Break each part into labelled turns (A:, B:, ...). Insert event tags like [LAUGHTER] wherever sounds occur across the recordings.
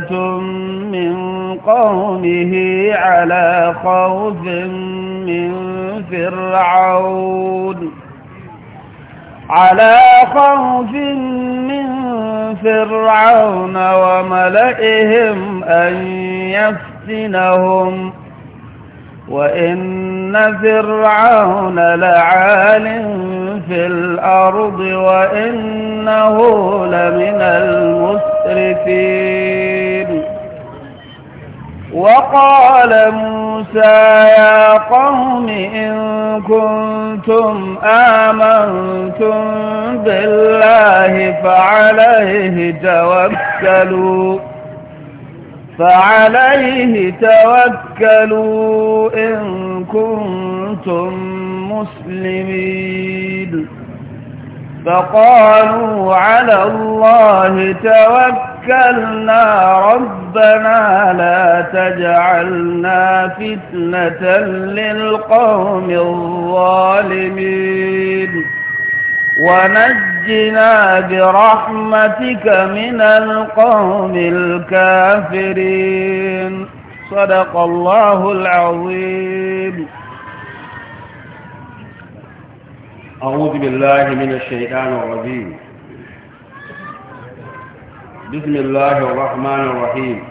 A: من قومه على خوف من فرعون على خوف من فرعون وملئهم أن يفتنهم وإن فرعون لعال في الأرض وإنه لمن المسرفين وقال موسى يا قوم إن كنتم آمنتم بالله فعليه توكلوا فعليه توكلوا إن كنتم مسلمين فقالوا على الله توكلنا ربنا لا تجعلنا فتنة للقوم الظالمين ونجنا برحمتك من القوم الكافرين صدق الله العظيم أعوذ
B: بالله من الشيطان الرجيم بسم الله الرحمن الرحيم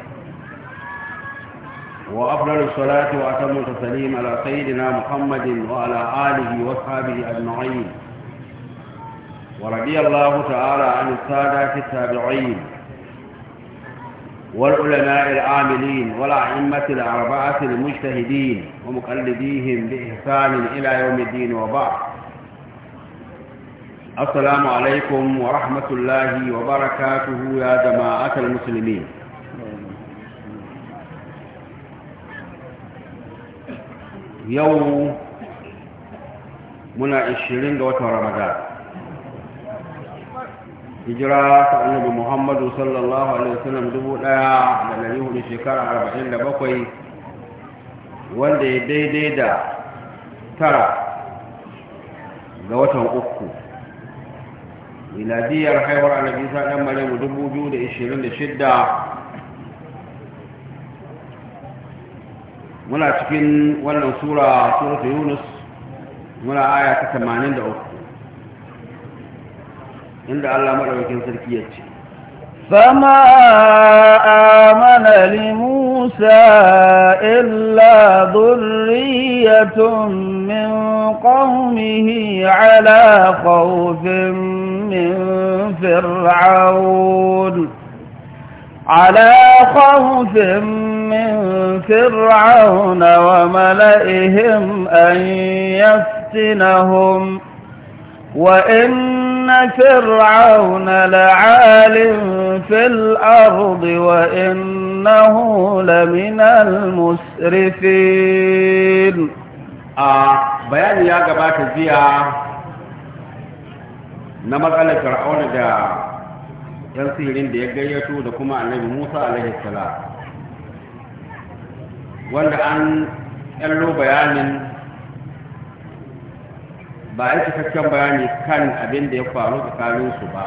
B: وأفضل الصلاة وأتم التسليم على سيدنا محمد وعلى آله وأصحابه أجمعين ورضي الله تعالى عن السادة التابعين والعلماء العاملين والأئمة الأربعة المجتهدين ومقلديهم بإحسان إلى يوم الدين وبعد السلام عليكم ورحمة الله وبركاته يا جماعة المسلمين يوم منا دوت رمضان hijira ta annabi muhammadu sallallahu alaihi wasallam dubu daya da dari hudu shekara arba'in da bakwai wanda ya daidai da tara ga watan uku miladiyar haihuwar annabi sa dan maryamu dubu biyu da ishirin da shidda muna cikin wannan sura suratu yunus muna aya ta tamanin da uku
A: فما آمن لموسى إلا ذرية من قومه على خوف من فرعون على خوف من فرعون وملئهم أن يفتنهم وإن إن فرعون لعال في الأرض وإنه لمن المسرفين bayani ya gabata jiya
B: na matsalar fir'auna da yan sihirin da ya gayyato da kuma annabi musa alaihi salam wanda an yallo bayanin ba a cikakken bayani kan abin da ya faru tsakanin su ba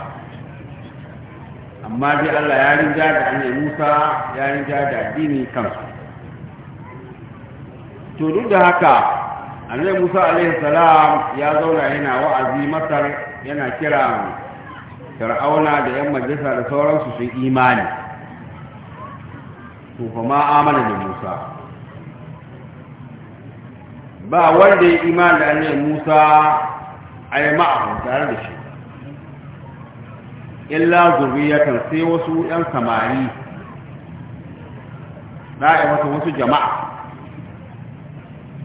B: amma dai Allah ya rinja da annabi Musa ya rinja da addini kansu to duk da haka annabi Musa alaihi salam ya zauna yana wa'azi masar yana kira Fir'auna da yan majalisa da sauransu su imani to kuma amana da Musa ba wanda ya imani da annabi Musa a yi ma'ahu tare da shi illa zuriyatan sai wasu ɗan samari da'a wasu wasu jama'a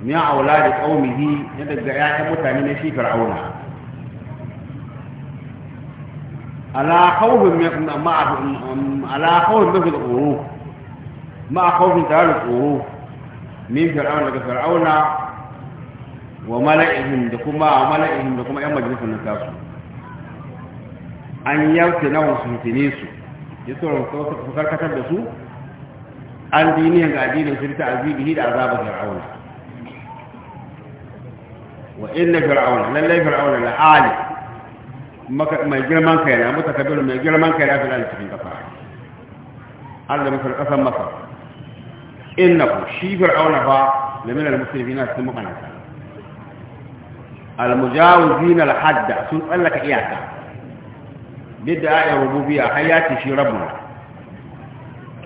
B: min da qaumihi ya daga ƴaƴan mutane ne shi fir'auna ala khawfin min ma'ahu ala khawfin min al-qurun ma'a khawfin ta'ala al min fir'auna daga fir'auna wa mala'ihim da kuma mala'ihim da kuma 'yan majalisun nan tasu an yauke na wasu hitine su ya tsoron su karkatar da su an dini ga addinin su ta azibihi da azabar fir'auna wa inna fir'auna lallai fir'auna la ali mai girman kai na mutakabbir mai girman kai na fir'auna cikin kafa Allah mafi kasan masa inna shi fir'auna fa lamin al-muslimina sun mukanata almujawizina alhadda sun tsallaka iyaka bidda ayi rububiyya har ya ce shi rabbuna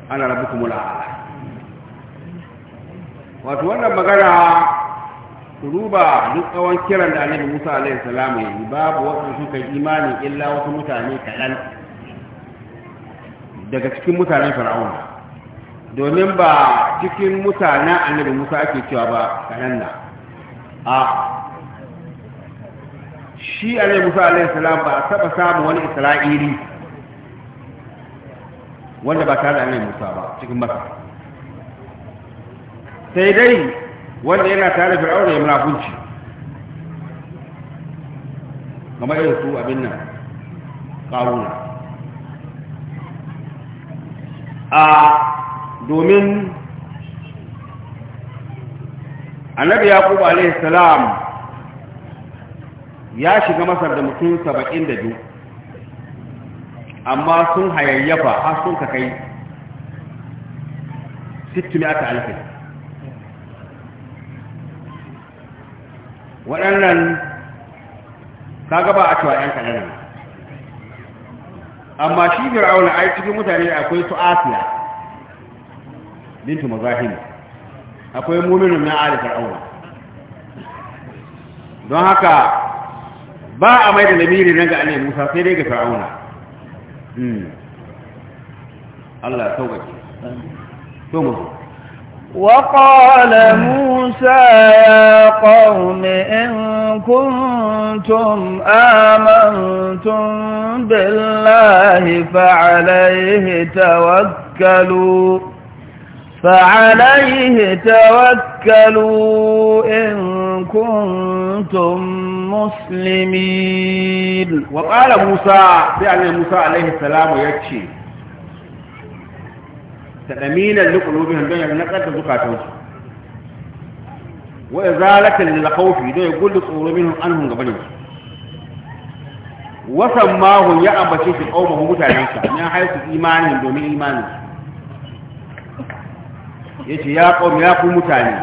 B: ana rabbukumul a'la wato wannan magana ruba duk tsawon kiran da annabi Musa alaihi salamu ya yi babu wasu suka yi imani illa wasu mutane kaɗan daga cikin mutanen fir'auna domin ba cikin mutanen annabi Musa ake cewa ba kaɗan na a shi alai musa salam ba a taɓa samun wani isra'ili wanda ba tare da alai musa ba cikin masa sai dai wanda yana tare da fir'auna ya mulakunci kamar yin su abin nan ƙaruna a domin annabi yaqub alai salam ya shiga masar da mutum saba'in da biyu amma sun hayayyafa har sun ka kai ne aka alfin waɗannan ka gaba a cewa 'yan kanana amma shi fir'auna a cikin mutane akwai su asiya bintu mazahim akwai muminin na ali fir'auna don haka ba a mai da lamiri nan ga annabi Musa sai dai ga Fir'auna Allah ya sauƙaƙe to mu
A: وقال موسى يا قوم إن كنتم آمنتم بالله فعليه توكلوا فعليه توكلوا إن كنتم مسلمين
B: وقال موسى يعني موسى عليه السلام يكشي تأمينا لقلوبهم دون يغنقل زكاتهم وإزالة للخوف دون يقول لصور منهم أنهم قبلهم وسماهم يا أبا شيخ قومه متعنيك من حيث إيمانهم دون إيمانهم ce ya qaum ya ku mutane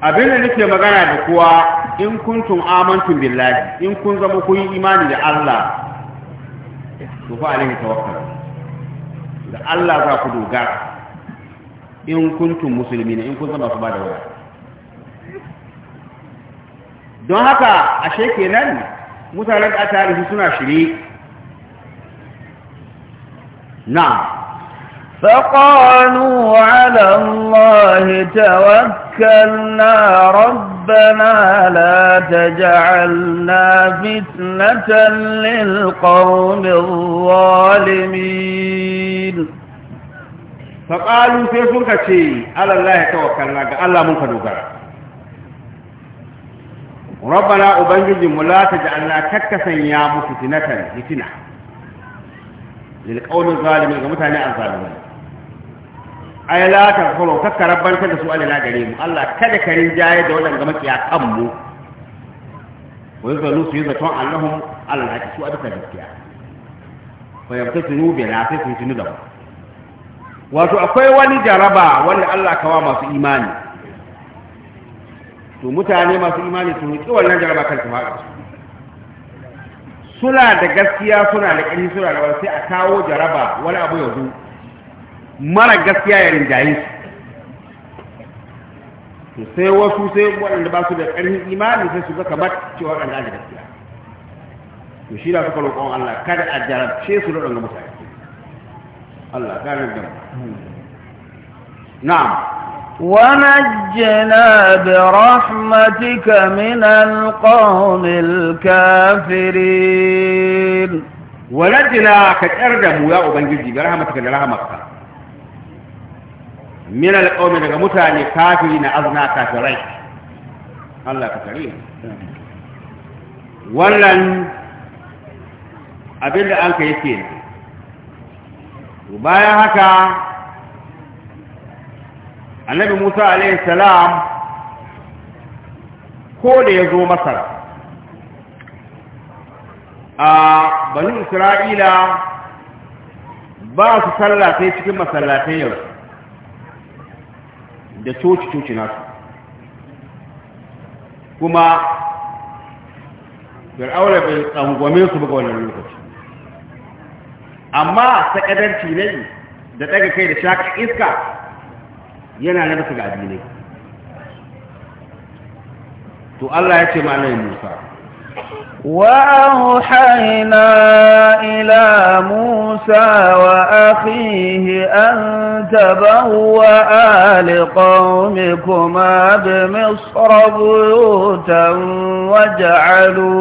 B: abin da nake magana da kuwa in kuntum amantum billahi in kun zama kun yi imani da Allah to fa alaihi tawakkal da Allah za ku dogara in kuntum muslimina in kun zama ku ba da don haka ashe kenan mutanen da tarihi suna shirye
A: نعم فقالوا على الله توكلنا ربنا لا تجعلنا فتنة للقوم الظالمين فقالوا
B: في سنكتي على الله توكلنا الله منك دوغرا rabbana ubangijinmu la taj'alna kakkasanya mu fitnatan fitna lil qaumin zalimin ga mutane a azzalimai ay la takfuru kakka rabbanta da su alila gare mu Allah kada ka rinjaye da wannan ga a kan mu wai zalu su yi zaton Allahum Allah ya su abika gaskiya fa yabtasiru bi la fi tunu da wato akwai wani jaraba wanda Allah kawa masu imani to mutane masu imani su riƙi nan jaraba kan su haɗa su suna da gaskiya suna da ƙarfi suna da sai a kawo jaraba wani abu yanzu mara gaskiya ya rinjaye su sai wasu sai waɗanda ba su da ƙarfin imani sai su ga kamar cewa waɗanda da gaskiya to shi da suka roƙon Allah kada a jarabce su da waɗanda mutane Allah gane da
C: mu
A: na'am ونجنا برحمتك من القوم الكافرين
B: ونجنا كتردم يا أبنجي برحمتك لرحمتك من القوم daga mutane kafiri na azna kafirai Allah ka tare wannan abinda an kai kenan bayan haka annabi musa alayhi salam ko da ya zo masar a bani isra'ila ba su sallatai cikin masallatai yau da coci-coci nasu kuma aure bai tsangwame su buga wannan lokaci amma sakadarci ne da daga kai da shaka iska yana na basu ga adinai
A: to Allah ya ce ma'anar Musa wa ahayna ila Musa wa akhihi an tabawa ala qawmikum ma bi misr wa ta'alu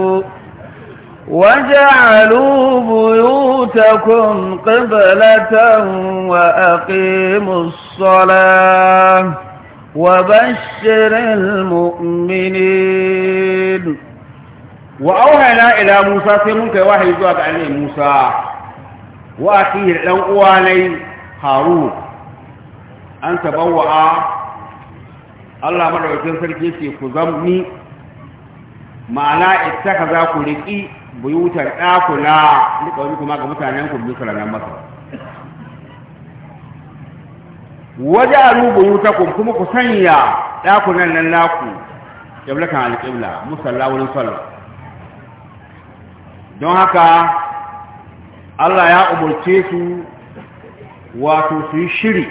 A: وجعلوا بيوتكم قبلة وأقيموا الصلاة وبشر المؤمنين وأوهنا إلى موسى سيمونك واحد يجوى عليه
B: موسى وأخير لو الأواني هارون أن تبوأ الله مرحبا جنسل كيسي خزمني ma'ana ita ka za ku riƙi buyutar ɗakuna ni ƙauri kuma ga mutanen ku biyu saranan masa waje a rubu ku kuma ku sanya ɗakunan nan naku ƙiblatan alƙibla musalla wurin sallah don haka Allah ya umarce su wato su yi shiri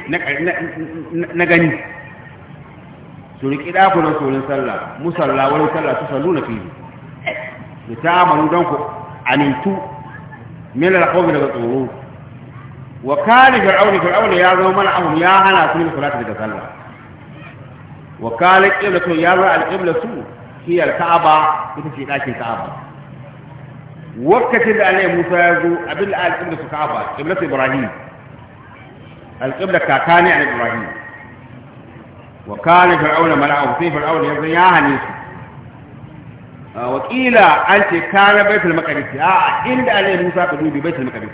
B: na gani su riƙi ɗakunan su wurin sallah musalla wurin sallah su sallu na fili لتعملوا دونك عن انتو من الأقوم لتطوروا وكان فرعون في الأول يا ذوما لعهم يا هنا سنة صلاة لتسلم وكان القبلة يا ذا القبلة هي الكعبة مثل في ناشي الكعبة وكتب عليه موسى يزو أبل آل قبلة الكعبة قبلة إبراهيم القبلة كاكاني عن إبراهيم وكان فرعون ملعه في فرعون يا ذا يا هنا Ah, wakila an ce kana baitul maqdis a ah, inda alai musa ka dubi baitul maqdis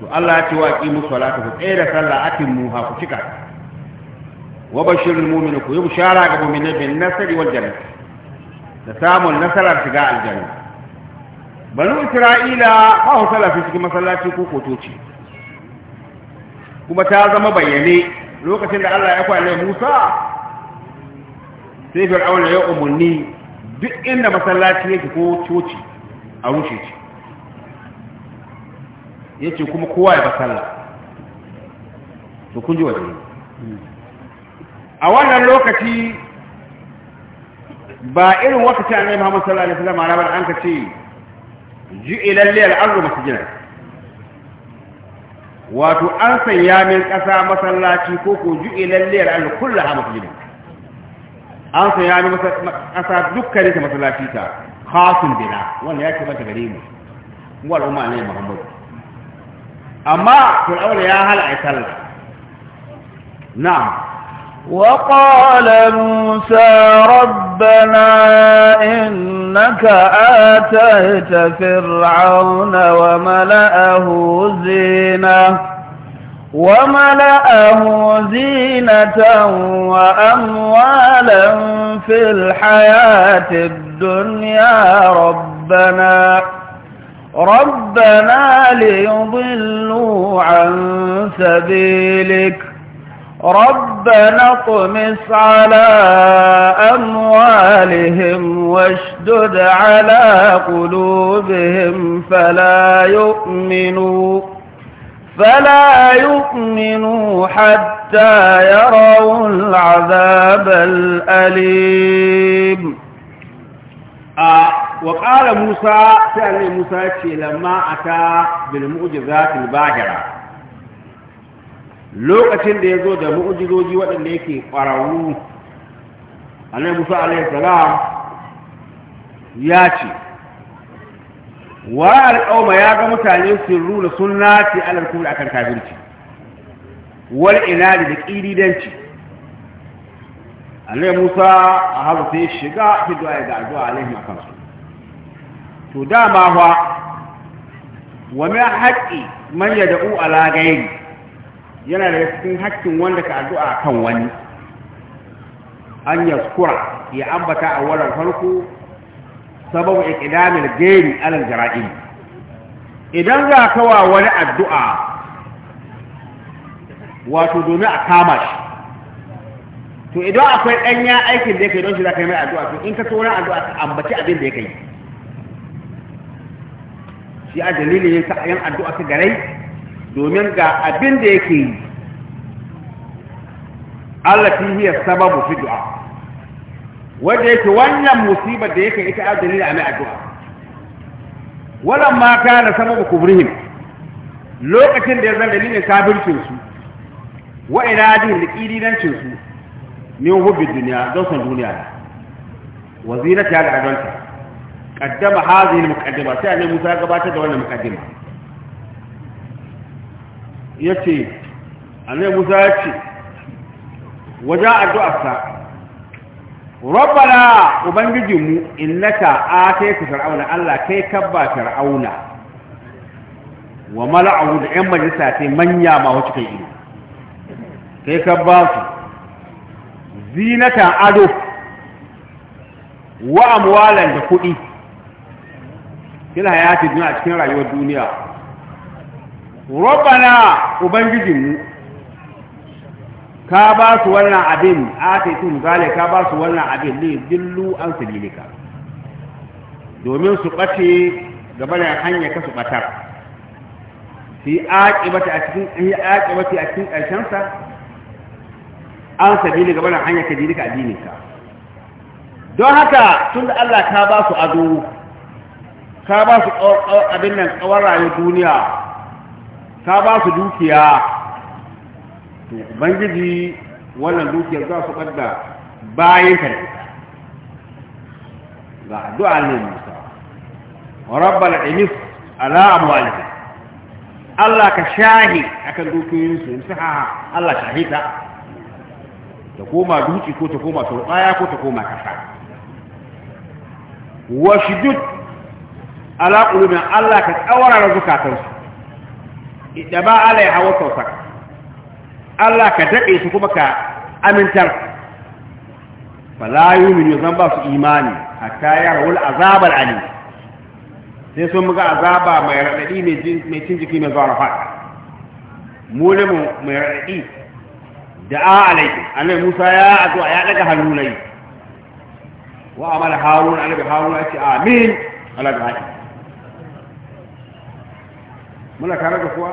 B: to Allah ya ce wa musu salata ku tsaya da sallah mu ha ku cika wa bashirul mu'minu ku yubshara ga mu'mina bin nasri wal jannah da samun nasarar shiga aljanna banu isra'ila ba su salafi cikin masallaci ko kotoci kuma ta zama bayyane lokacin da Allah ya kwalle Musa sai fir'aun ya umurni duk inda masallaci yake ko coci a rushe ce ya ce kuma kowa ya basalla to kun ji waje a wannan lokaci ba irin wakati a naima sallallahu alaihi wasallam na bada an ka ce ji ilalle al'arzu masu jinar wato an sanya min ƙasa masallaci ko ko ji ilalle al'arzu kulla ha masu jinar an san ya masa asa dukkanin ta masallaci ta khasun bina wannan ya kibanta gare mu mu al'umma ne muhammadu amma fir'aun ya hala ai sallah
A: na'am وقال موسى ربنا إنك آتيت فرعون وملأه زينه وملأه زينة وأموالا في الحياة الدنيا ربنا ربنا ليضلوا عن سبيلك ربنا اطمس على أموالهم واشدد على قلوبهم فلا يؤمنوا فلا يؤمنوا حتى يروا العذاب الأليم وقال موسى سأل موسى لما
B: أتى بالمعجزات الباهرة lokacin da ya zo da mu'ujizoji waɗanda yake ƙwararru annabi Musa alaihi salam ya ce wa alƙauma ya ga mutane sun rula sunnati alal kufri akan kafirci wal ina da kiridanci Allah Musa a haru sai shiga fi ga addu'a alaihi akan su to dama fa wa ma haqqi man yad'u ala ghairi yana da cikin haƙƙin wanda ka addu'a kan wani an yaskura ya ambata a wannan farko sababu iqdamil gairi alal jara'im idan za ka wa wani addu'a wato domin a kama shi to idan akwai ɗanya aikin da yake don shi za ka yi mai addu'a to in ka so wani addu'a ka ambaci abin da ya yi shi a dalilin yin sa'ayin addu'a ka garai domin ga abin da yake yi Allah fi hiyar sababu fi du'a wanda yake wannan musibar da yake ita dalilin a mai addu'a walamma kana sababu kubrihim lokacin da ya zan dalilin kafircin su wa iradin da kidinancin su ne hubbi duniya don san duniya wa zinata ya adanta qaddama hadhihi al-muqaddima sai ne Musa gabatar da wannan muqaddima yace annabi Musa yace wajen addu'arsa rabbana ubangijinmu innaka atayka fir'auna Allah kai kabba fir'auna wa mala'u da 'yan majalisa sai manya ma wacce kai ido kai kabba su Zinatan ado wa amwalan da kuɗi kila hayati duniya cikin rayuwar duniya rabbana ubangijinmu ka ba su wannan abin ataitum gane ka ba su wannan abin ne dillu an lilika domin su ɓace gaba da hanya ka su batar fi aqibata a cikin fi a cikin ƙarshensa an an sabili gaba da hanya ka dirika addinin don haka tun da Allah ka ba su ado ka ba su abin nan tsawon rayuwar duniya ka ba su dukiya to ubangiji wannan dukiyar za su ɓadda bayan ka ga addu'a ne musa rabbal imis ala amwalihim Allah ka shahi akan dukiyoyinsu yanzu ha Allah shahi ta ta koma duki ko ta koma turbaya ko ta koma kasa wa shidud ala qulubin Allah ka tsawara zukatansu idaba alaiha wa tawsaka Allah ka daɗe su kuma ka amintar yi yuminu zan ba su imani a ya wul azabar ali sai sun muka azaba mai raɗaɗi mai cin jiki mai zuwa rafa mulimu mai raɗaɗi da a alaikum annai musa ya addu'a ya ɗaga hannu nai wa amala harun annabi harun ake ce amin ala haɗi muna tare da kuwa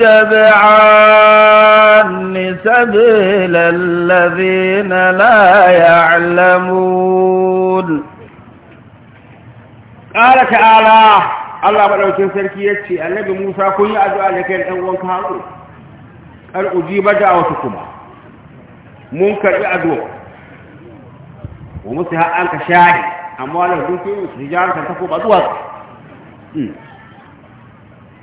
A: يتبعان سبيل الذين لا يعلمون قال تعالى الله مدوكين
B: سركي يتي النبي موسى كن ادعاء لكن ان وانك هارون قال اجيب دعوتكم منكر ادعوا ومسها انك شاهد أموالك wannan رجال su jihar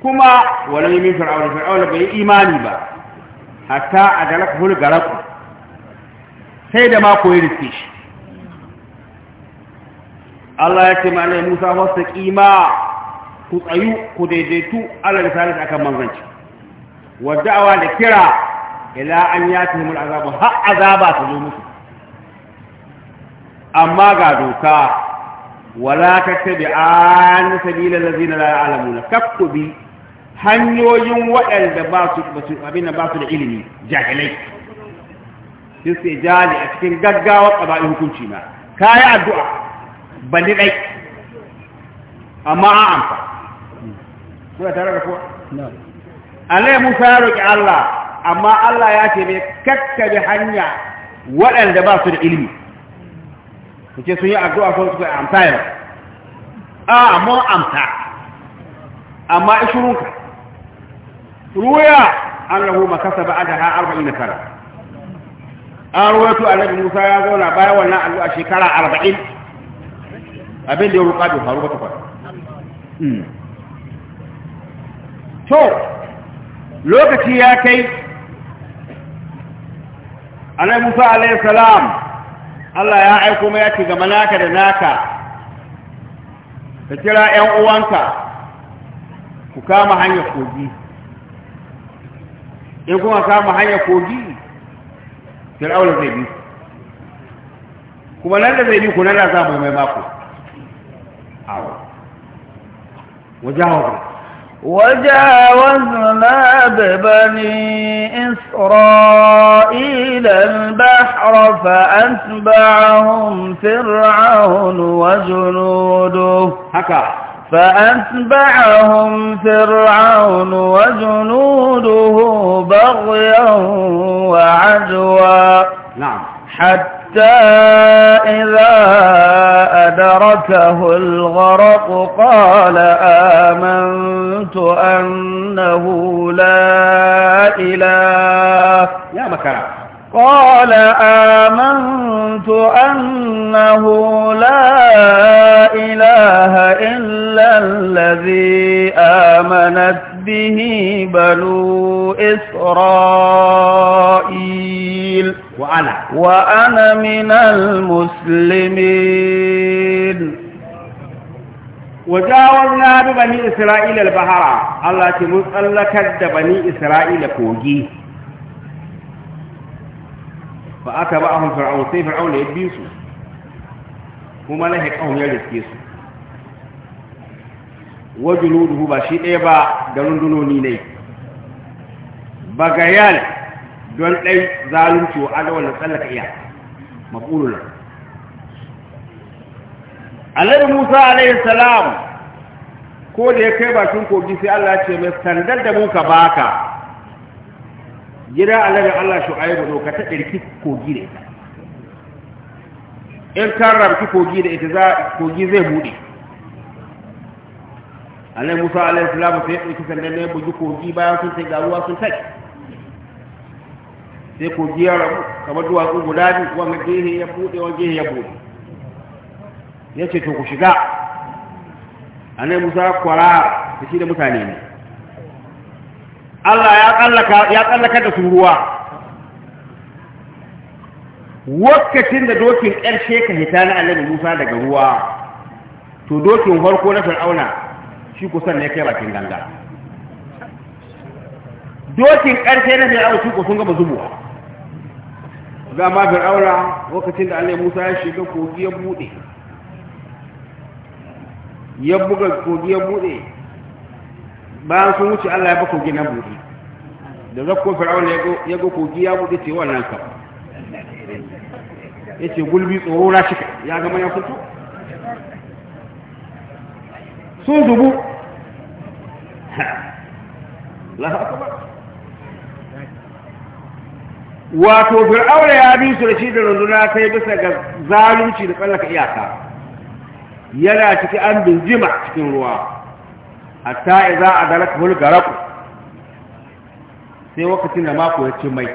B: kuma walam min fir'auna fir'auna bai imani ba hatta adalaka hul garaq sai da ma koyi riske shi Allah ya ce ma ne Musa wasta kima ku tsayu ku daidaitu Allah da salisa akan manzanci wa da'awa da kira ila an yatihimul azabu har azaba ta zo musu amma ga doka wala tattabi an sabila allazina la ya'lamuna kakkubi hanyoyin waɗanda ba su abin da ba su da ilimi jahilai sun sai jali a cikin gaggawa ƙaba'i hukunci na kayi addu'a balli ɗai amma an amfa kuna tare da kuwa? Allah Musa ya roƙi Allah amma Allah ya ce mai kakkabi hanya waɗanda ba su da ilimi su ce sun yi addu'a sun suka amsa yau a amma amsa amma ishirunka ruya annahu makasa ba'daha 40 kara an ruwaito annabi Musa ya zauna bayan wannan addu'a shekara
C: 40
B: abin ya ruka bai faru ba to lokaci ya kai annabi Musa alayhi salam Allah ya aiko mai yake gama naka da naka ka kira 'yan uwanka ku kama hanyar kogi in kuma kama hanyar kogi fir'auna zai bi kuma nan da zai bi ku nan
A: da za mu mai mako awo وجاوزنا ببني إسرائيل البحر فأتبعهم فرعون وجنوده هكا فأتبعهم فرعون وجنوده بغيا وعدوا نعم حتى إذا أدركه الغرق قال آمنت أنه لا إله يا مكرا قال آمنت أنه لا إله إلا الذي آمنت به بنو إسرائيل وأنا وأنا من المسلمين وجاوزنا ببني إسرائيل
B: البحر الله تمسلك بني إسرائيل كوجي فأتبعهم فرعون سيف فرعون يدبيسوا وما لهك أهم يجسكيسوا Wajen junuduhu ba shi ɗaya ba da rundunoni ne bagayan don ɗai zalunci wa adawar da tsallaka iya maƙulula alaihi musa alaihi salam ko da ya kai bakin kogi sai allah ce mai sandar da muka baka gida alaihi allah shu'aibu ka ta ɗirki kogi da ita in kan ki kogi da ita kogi zai buɗe ale musa alayhi salam sai ko ci sandan ne jukko kogi bayan sun te ga ruwa sun tashi sai kogi ya rabu kamar duwatsu guda biyu ma gehe ya buɗe wanga gehe ya buɗe ya ce to ku shiga ale musa kwara da shi da mutane ne Allah ya tsallaka ya tsallaka da su ruwa wakacin da dokin karshe ka hita na annabi Musa daga ruwa to dokin farko na Fir'auna shi kusan ne kai bakin ganga dokin karshe na fir'aun shi kusan gaba zubuwa za ma fir'aura lokacin da Allah Musa ya shiga kogi ya bude ya buga kogi ya bude bayan sun wuce Allah ya ba kogi na bude da zakko fir'aun ya ga kogi ya bude ce wannan ka
C: yace gulbi tsoro na shi ya ga manyan fito
B: wato fir'aura ya bi su da shi da runduna sai bisa ga zalunci da tsallaka iyaka yana ciki an binjima cikin ruwa hatta idza a hul garaku sai lokacin da mako ya ce mai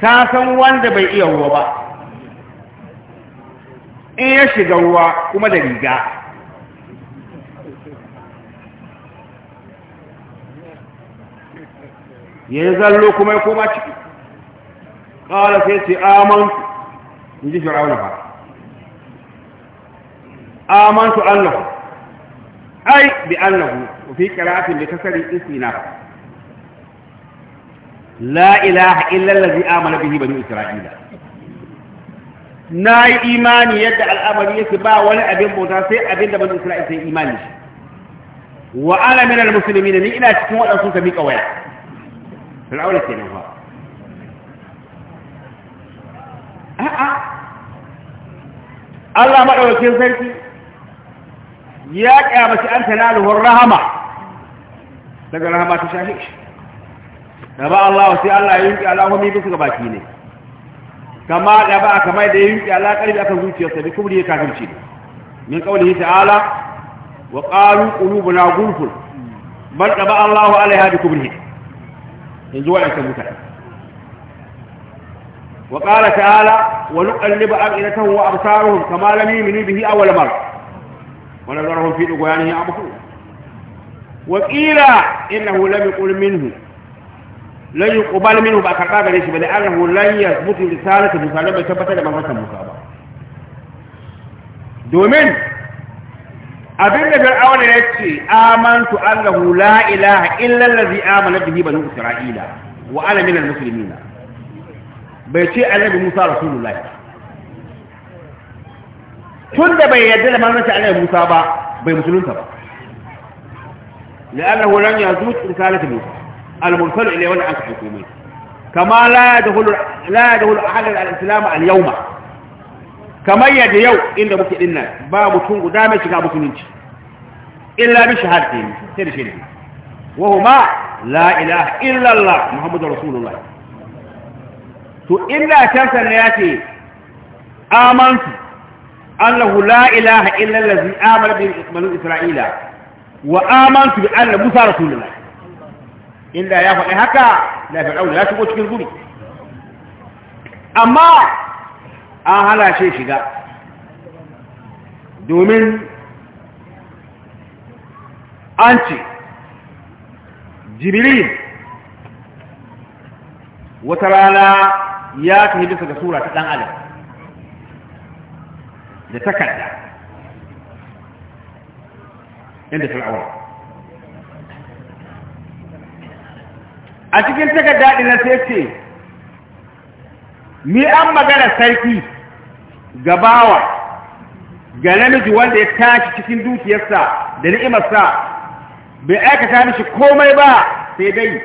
B: ka san wanda bai iya ruwa ba in ya shiga ruwa kuma da riga ya yi zallo kuma ya koma ciki ƙala sai ce amantu in ji shira'una ba amantu annahu ai bi annahu fi ƙarafin da kasari isina la ilaha illallazi amana bihi bani isra'ila na yi imani yadda al'amari yake ba wani abin bauta sai abin da bani isra'il sai imani shi wa ana min al-muslimin ni ina cikin waɗansu ka miƙa waya ke nan fa a'a Allah madaukakin sarki ya kyamaci an tanalu rahama daga rahama ta shahi shi da ba Allah sai Allah ya yunki Allahu mi bisa ga baki ne kama da ba kamar da ya yuki ala kalbi akan zuciyarsa bi ya kafirci min qawlihi ta'ala wa qalu qulubuna gulful bal taba Allahu alaiha bi kubrihi yanzu wa aka mutane wa qala ta'ala wa nuqallibu afidatahum wa absaruhum kama lam yu'minu bihi a awwal marra wa nadharuhum fi ya amhu wa qila innahu lam yaqul minhu lan yuqbal minhu ba karba gare shi ba da annahu lan yathbutu risalatu musa bai tabbatar da manzon musa ba domin abin da fir'auna ya ce amantu annahu la ilaha illa allazi amana bihi banu isra'ila wa ana minal muslimina bai ce annabi musa rasulullahi tun da bai yadda da manzon annabi musa ba bai musulunta ba la'annahu lam yathbutu risalatu musa al-mursalu ilayhi wanda aka aiko mai kama la yadkhulu la yadkhulu ahad al-islam al-yawma kamar yadda yau inda muke dinnan ba mutum guda mai shiga musulunci illa bi shahadatin sai da shahidi wa huma la ilaha illa allah muhammadur rasulullah to illa can sanne yace amantu annahu la ilaha illa isra'ila wa amantu bi musa In da ya faɗi haka da fir'auna ya shigo cikin guri amma an halashe shiga domin an ce jibril wata rana ya ta bisa ga sura ta ɗan adam da takarda inda fir'auna a cikin daɗi na sai ce ni an magana sarki gabawa ga namiji wanda ya tashi cikin dukiyarsa da ni'imarsa bai aikata mishi komai ba sai dai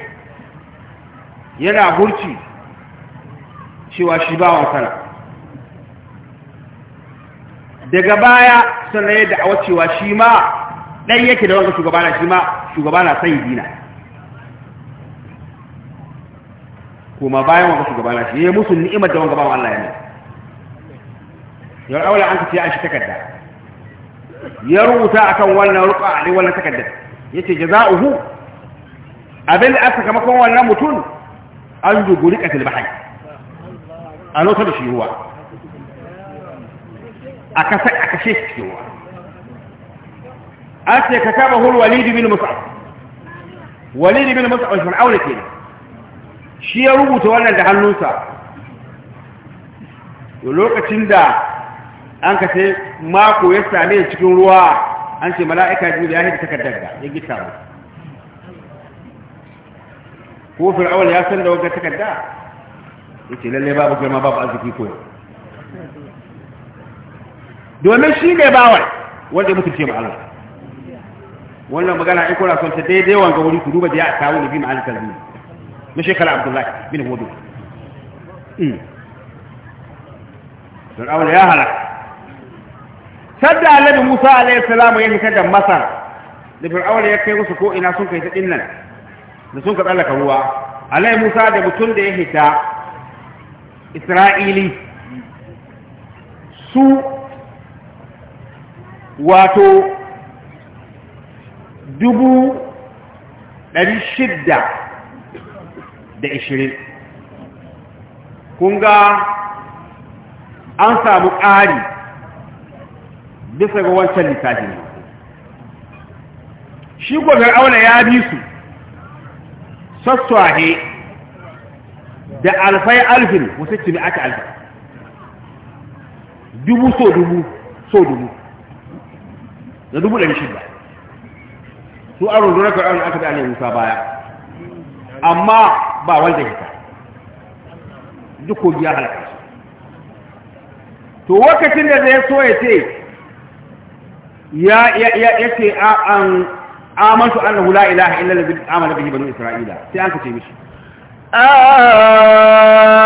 B: yana hurci cewa shi ba wasana daga baya sannan yadda a wacewa shi ma ɗan yake da wanda shugabana shi ma shugabana sai dina Kuma bayan wa musu gabana shi ya musu ni'imar da wanga bawan Allah ya ne yau aula an kace an shi takarda ya rubuta akan wannan ruqa Ali wannan takarda yace jazaohu abin da aka kama kon wannan mutum an juguri katil bahai
C: a lokacin da shi ruwa aka sai aka shi ruwa
B: ace ka kaba hul walid bin mus'ab walid bin mus'ab aure kenan shi ya rubuta wannan da hannunsa lokacin da an ka sai mako ya same cikin ruwa an ce mala'ika biyu da ya hita takardar da ya gita ba, ko awal ya san da wajen takarda ya ce lalle babu girma babu arziki ko domin shi ne bawai wanda mutum ce ma'alar wannan magana in kuna son ta daidai wanga wuri ku duba da ya kawo ne bi ma'alar kalmi na shekara abdullahi bin hudu don hmm. awon ya halaka sadda annabi musa alayhi salamu ya fitar da masar da fir'auna ya kai musu ko ina sun kai ta dinnan da sun ka tsallaka ruwa alayhi musa da mutun da ya hita isra'ili su wato dubu ɗari shidda da ishirin kunga an samu ƙari bisa ga wancan littafin ne shi gobe aula ya bi su sassuwahe da alfai alfin wasu cini aka alfin dubu so dubu so dubu da dubu ɗari shida su an rundunar ƙar'ar aka da alayin musa baya amma ba wanda ya ta duk kogi ya halaka to lokacin da zai so ya ce ya ya ce a an amantu annahu la ilaha illa allazi amana bihi banu isra'ila sai an kace mishi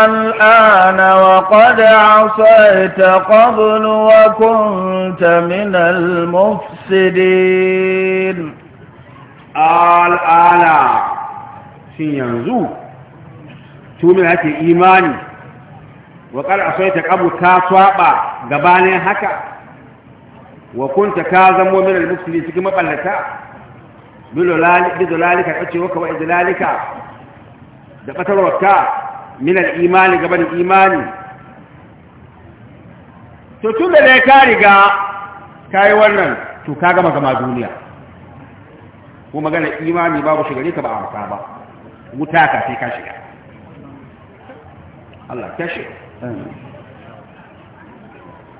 A: الآن وقد عصيت قبل وكنت من المفسدين الآن في ينزو
B: tumin hake imani wa kar asaita qabu ta saba gabanin haka wa kunta ka zamo minar al cikin maballata bilolali bidolalika kace waka wa idlalika da batarwarka min minar imani gaban imani to tun da dai ka riga kai wannan to ka gama gama duniya ko magana imani babu shigare ka ba a ba wuta ka sai ka shiga Allah kashe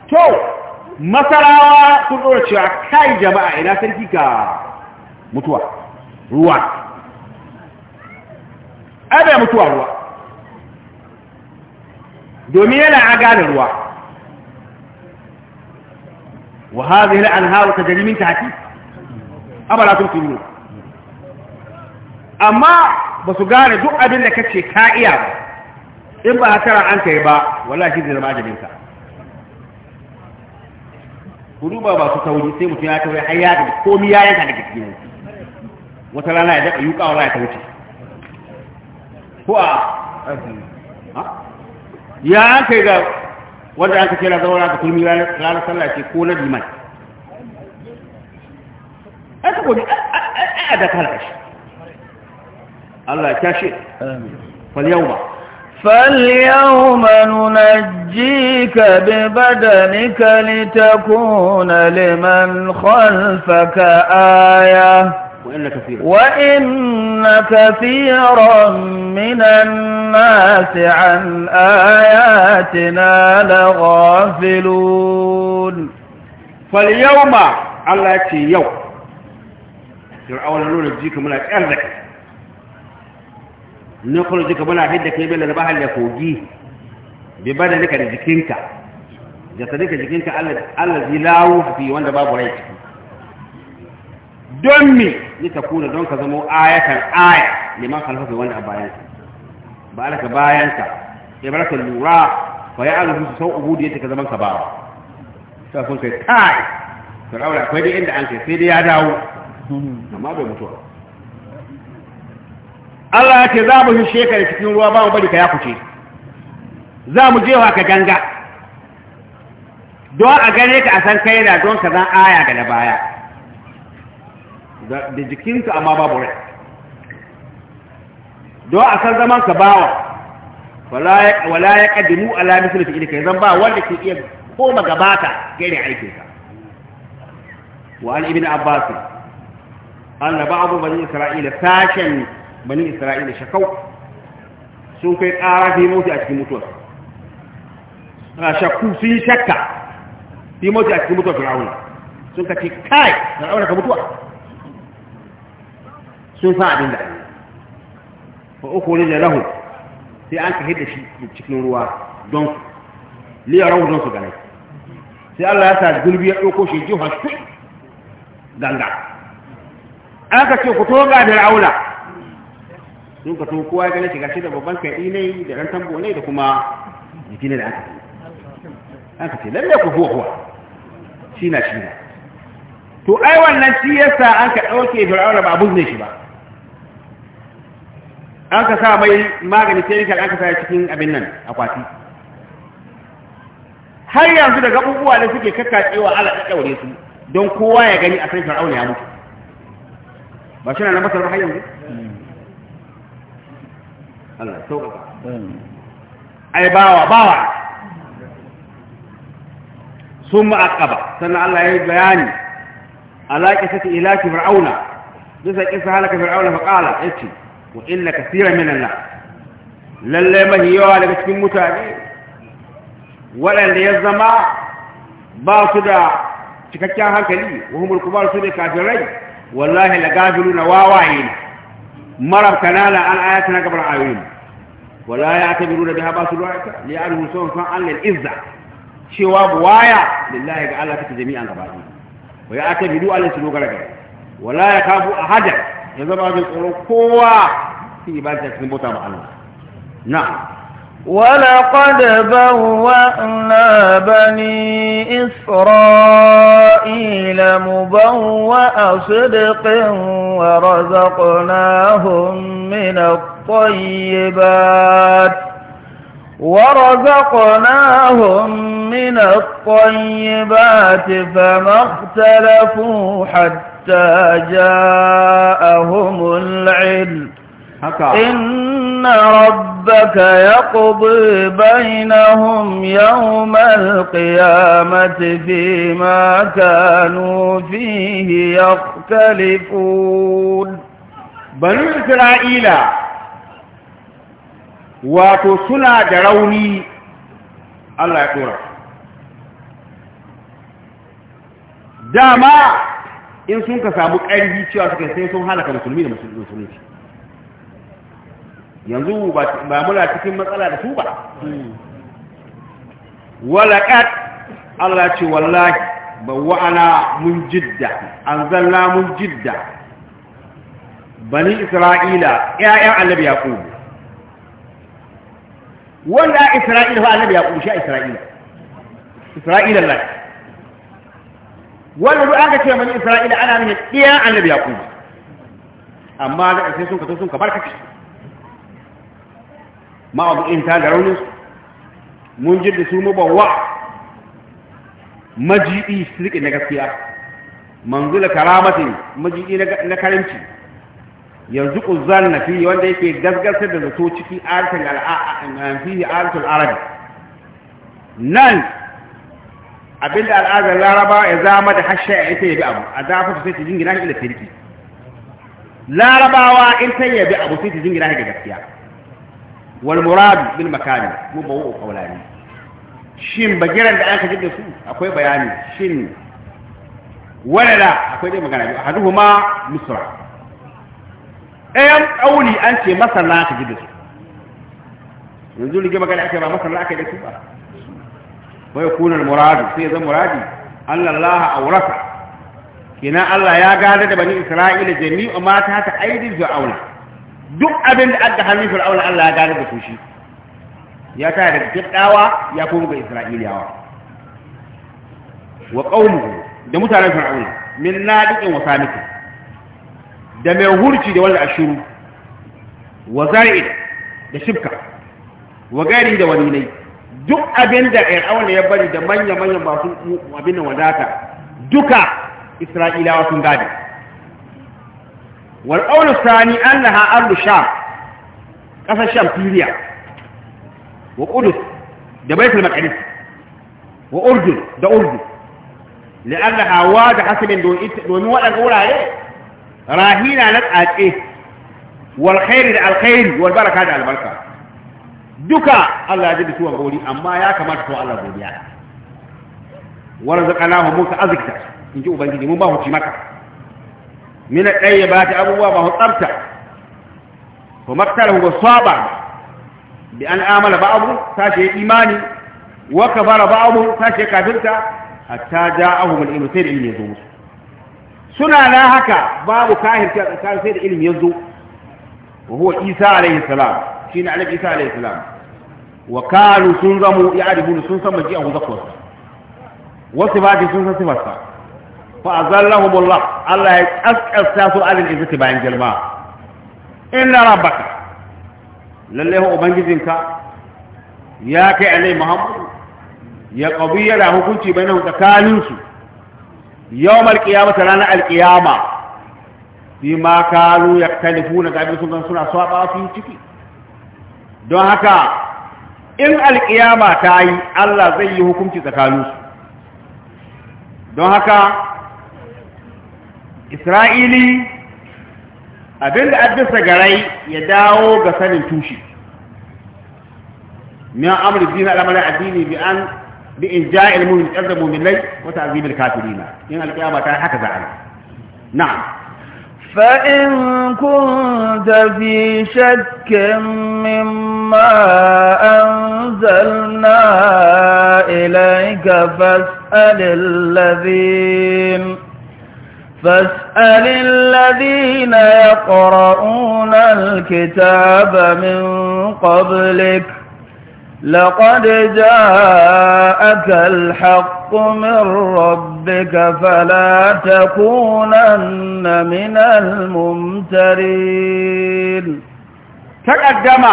B: to masarawa sun ɗora cewa kai jama'a ina sarki ga mutuwa ruwa ada mutuwa ruwa domin yana aga da ruwa wa hadhihi al ta tajri min tahti sun tunkiru amma ba su gane duk abin da kace ka iya ba in ba tara an kai ba wallahi zai zama ajalinka ka duba ba su tauri sai mutum ya tauri har ya komi ya yanka daga cikin wata rana ya daɗa yuka wala ya ta wuce ko a ya an kai ga wanda an kace na zaura ga kulmi ranar sallah ce ko na liman
C: ai ta gobe ai a da kala shi
A: Allah ya kashe fal yau ba فاليوم ننجيك ببدنك لتكون لمن خلفك آية وإن كثيرا, وإن كثيرا من الناس عن آياتنا لغافلون فاليوم الله يأتي يوم
B: فرعون ننجيك من الأرض nukuru duka muna hidda kai bai larba hal da kogi bi bada nika da jikinka jasadinka jikinka allah lawo fi wanda babu rai ciki don mi ni ta kuna don ka zamo ayatan aya liman kalfafi wanda a bayansa ba ala alaka bayansa ya baraka lura fa ya alufu su sau ubudiyarta ka zaman ka ba ta sun kai kai fir'auna akwai da inda an kai sai dai ya dawo amma bai mutuwa Allah ya ce za mu hishe ka cikin ruwa ba mu bari ka yakuce za mu je wa ka ganga don a gane ka a san kai da don ka zan aya ga da baya da jikinka amma babu rai don a san zaman ka bawa wala ya kaddimu ala misali fi ilika zan ba wanda ke iya koma gabata gare ka wa an ibn abbas anna ba'd bani isra'ila sashen bani isra'ila shakau sun kai ƙara fi a cikin mutuwar a shakku sun yi shakka fi mota a cikin mutuwar fir'auna sun ka ce kai fir'auna ka mutuwa sun sa abin da ba uku ne rahu sai an ka hidda shi cikin ruwa don su liya rahu don su ganai sai Allah ya sa gulbi ya ɗauko shi jihar su ganga aka ce ku toga ra'ula sun ka to kowa ya gane shiga shi da babban kai ne da ran tambo ne da kuma jiki ne da aka ce aka ce lalle ku huwa huwa shi na shi na to ai wannan shi yasa an ka dauke fir'auna ba abun ne shi ba an ka sa mai magani chemical an ka sa cikin abin nan akwati har yanzu daga abubuwa da suke kakkacewa ala da daure su don kowa ya gani a san fir'auna ya mutu ba shi na masar har yanzu Allah sauƙaƙa ai bawa bawa sun ma'aƙaba sannan Allah ya yi bayani alaƙi sati fir'auna bisa kisa halaka fir'auna fa ƙala ya wa inna kasira min na lallai mahi yawa daga cikin mutane waɗanda ya zama ba su da cikakken hankali wa humul kubar su ne kafirai wallahi la gafilu wawaye ne marar kanala an ayata na gabar ayoyin wala ya ta biru da biha ba su ruwaita li an husun san an lil izza cewa buwaya lillahi ga Allah take jami'an gaba wa ya ta biru alai su wala ya kafu ahada ya zama bai tsoro kowa fi ibadata cikin bauta ma Allah
A: ولقد بوأنا بني إسرائيل مبوأ صدق ورزقناهم من الطيبات ورزقناهم من الطيبات فما اختلفوا حتى جاءهم العلم إن رب ربك يقضي بينهم يوم القيامة فيما كانوا فيه يختلفون بنو إسرائيل
B: wato suna da rauni Allah ya dora dama in sun ka samu ƙarfi cewa suka sai sun halaka musulmi da musulmi yanzu ba muna cikin matsala da su ba walaƙat Allah ce wallahi ba wa'ana mun jidda an zalla mun jidda bani isra'ila ‘ya'yan annabi ya yaƙubu wanda isra'ila fa annabi ya yaƙubu shi a isra'ila isra'ila lai wanda duk aka ce bani isra'ila ana nuna ɗiyan annabi ya yaƙubu amma da ƙarshe sun ka to sun ka barkace Ma abu ma'abu'in ta da raunin mun ji da su mubawwa maji'i sirki na gaskiya manzula karamatin maji'i na karimci yanzu uzan na fi wanda yake gasgasar da zato ciki artin al'afi artin arabi nan abinda al'adar laraba ya zama da hashe a ita yabi abu a zafi sai ta jingina shi da sirki larabawa in ta yabi abu sai ta jingina shi da gaskiya والمراد بالمكان مو بو قولاني شين بجيران دا انك جدا سو اكوي بياني شين ولا لا اكوي دي مكان احدهما مصر ايام اولي انت مصر لا انك جدا سو نزول لجي مكان اكبر مصر لا انك جدا سو ويكون المراد في ذا مرادي ان الله اورث كنا الله يا غاده بني اسرائيل جميع ما تحت ايدي ذو اولاد duk abin da aka hannun fir'auna Allah ya gane da su shi ya tare da kiddawa ya koma ga isra'iliyawa wa qaumuhu da mutanen fir'auna min nadiqin wa samitin da mai hurci da wanda ashuru wa zari'in da shibka wa gari da wani ne duk abin da fir'auna ya bari da manya manyan masu abin da wadata duka isra'ilawa sun gane. wal ƙaunar sani an na ha’ar da sha ƙasar shan firiya wa ƙudus da baitul makaris wa urdun da urdun da hawa da hasilin domin waɗanda wurare rahina na tsaƙe wal khairi da alkhairi wal baraka da albarka duka Allah ya ji bisuwan gori amma ya kamata to Allah godiya warzaqanahu musa ji inji ubangiji mun ba hu maka. min at bata abubuwa ma tsafta fa maktalahu wa saba bi an amala ba'du sashi imani wa kafara ba'du sashi kafirta hatta ja'ahum al-ilmu sai ilmi yazo suna na haka babu kahirta tsakanin sai da ilmi yazo wa huwa isa alayhi salam shine annabi isa alayhi sun ya sun san wasu ba sun san fa azallahumullah Allah ya kaskasta su alil izati bayan girma inna rabbaka lalle ho ubangijinka ya kai alai muhammad ya qabiya da hukunci bainahum tsakanin su yawmal qiyamati ranar alqiyama fi ma kanu yaktalifuna ga abin sun suna swaba su ciki don haka in alƙiyama ta yi Allah zai yi hukunci tsakaninsu don haka isra'ili abinda addisa garai ya dawo ga sanin tushe min amr dini al'amarin adini bi an bi in ja'il mu'min min lay wa al-kafirin in al-qiyamah ta haka za'a na'am
A: fa in kunta fi shakkin mimma anzalna ilayka fas'al alladhina فاسأل الذين يقرؤون الكتاب من قبلك لقد جاءك الحق من ربك فلا تكونن من الممترين تقدم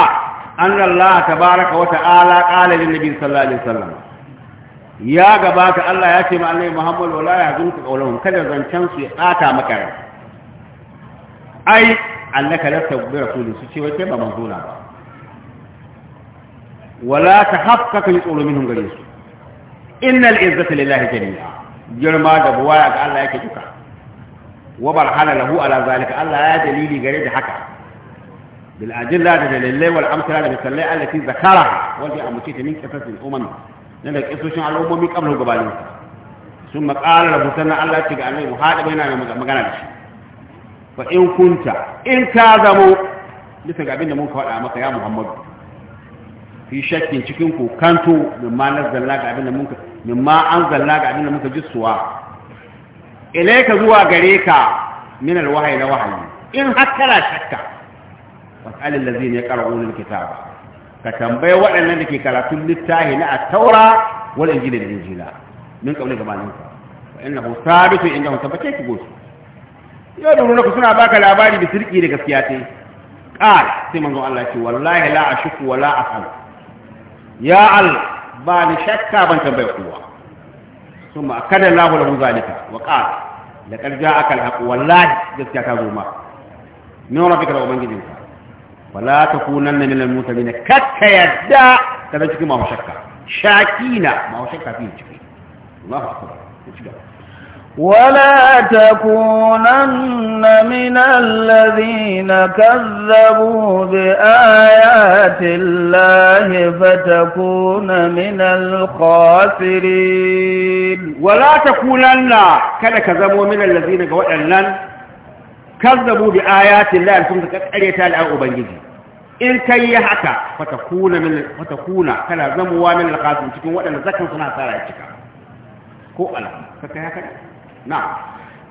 A: أن
B: الله تبارك وتعالى قال للنبي صلى الله عليه وسلم ya gabata Allah ya ce ma annabi Muhammad wala ya zunka qawluhum kada zancan su ya tsata maka rai ai annaka la tabbi rasuli su ce wai kai ba manzona ba wala tahaqqaqa li qawli minhum gare su innal izzata lillahi jami'a girma da buwaya ga Allah yake duka wa barhana lahu ala zalika Allah ya dalili gare da haka bil ajilla da dalilai wal amsala da misalai allati zakara wanda amuce ta min qasas al na da kisoshin al'ummomi kamar gabanin sun makalar rabutan na Allah ce ga annabi mu haɗa bai na magana da shi fa in kunta in ka zamo bisa ga abin da mun faɗa maka ya Muhammadu fi shakkin cikin ku kanto mimma nazzalna ga abin da mun mimma anzalna ga abin da muka jissuwa ilaika zuwa gare ka min alwahyi na wahayi in hakkara shakka was'al allazina yaqra'una alkitaba ka tambayi waɗannan da ke karatun littahi na a taura wal injila da injila min kaulin gabanin ka Wa fa innahu sabitu inda hun tabbace ki gosu yau da runaku suna baka labari da sirki da gaskiya ce qal sai manzon Allah ce wallahi la ashku wala afal ya al ba ni shakka ban tambaye kowa thumma akada Allahu lahu zalika wa qal laqad ja'aka al-haqq wallahi gaskiya ta zo ma ne rabbika da ubangijinka wala takunanna minal mutamin kakka yadda kada cikin ma شاكينا ما ma shakka fi cikin
A: ولا تكونن من الذين كذبوا بآيات الله فتكون من الخاسرين ولا تكونن كذا كذبوا من الذين
B: كذبوا بآيات الله ثم بآيات الله in kai ya haka fatakuna kana zama wa min alƙazin cikin waɗanda zakan suna tsara ya cika
A: ko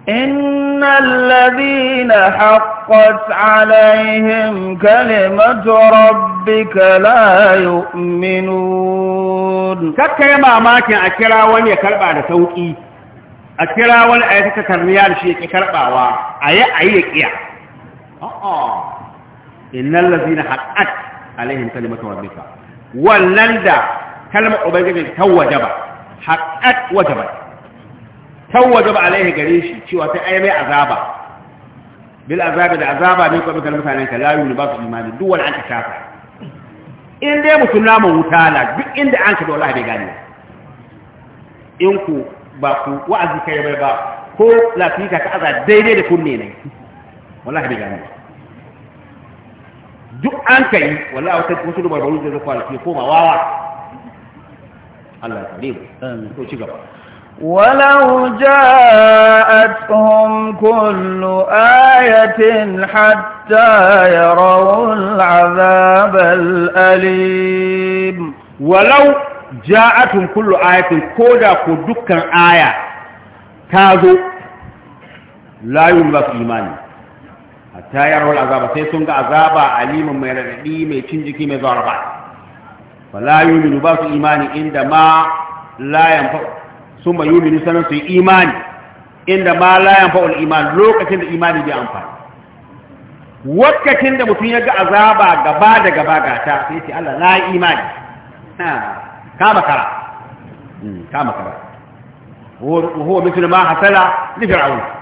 A: إن الذين حقت عليهم كلمة ربك لا يؤمنون كيف يمع ماكي أكراوان يكربع
B: لسوكي أكراوان أيتك كرنيال شيء يكربع وآية أيك إياه
C: أه
B: innal ladina haqqat alaihim kalimatu rabbika wallan da kalmar ubangiji ta wajaba haqqat wajaba ta wajaba alaihi gare shi cewa ta ai mai azaba bil azabi da azaba ne kuma kalmar mutanen ka la yuni ba su imani duk wani an ka shafa in dai mutum na wuta la duk inda an ka da wallahi bai gane in ku ba ku wa'azi kai bai ba ko lafiya ka aza daidai da kunne ne wallahi bai gane duk an kai wata da ke
A: koma wawa Allah ci gaba ولو جاءتهم كل آية حتى يروا العذاب الأليم ولو جاءتهم كل آية كودا كودكا
B: آية تازو لا ينبغي إيمانهم hatta yarawul azaba sai sun ga azaba alimin mai radadi mai cin jiki mai zuwa ba fala yuminu ba su imani inda ma la yanfa summa yuminu sanan su yi imani inda ma layan yanfa al iman lokacin da imani bai amfani wakacin da mutum ya ga azaba gaba da gaba gata sai ce Allah na yi imani kama kara hmm, kama kara huwa mutum ma hasala li fir'auna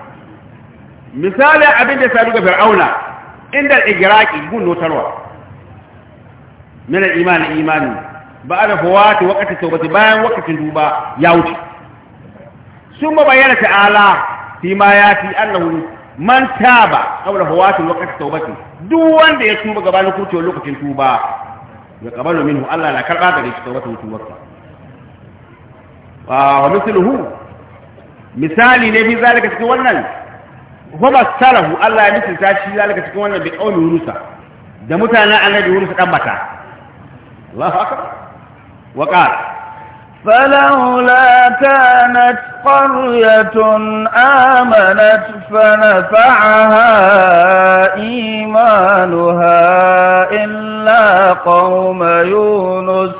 B: misali abin da sadu ga fir'auna inda igraqi gun notarwa min imanin iman imani ba da fawati waqti tawbati bayan waqtin duba ya wuce sun ba bayyana ta'ala fi ma ya yati annahu man taba qabla fawati waqti tawbati duk wanda ya tuba gabanin kucewa lokacin tuba ya qabalu minhu Allah la karba daga shi tawbatu tuwarsa wa mithluhu misali ne fi zalika cikin wannan فما سأله الله يمثل تاشيلا لك تكون بأول ورسا دمتنا أنا بورسا كمتا
A: الله أكبر وقال فلولا كانت قرية آمنت فنفعها إيمانها إلا قوم يونس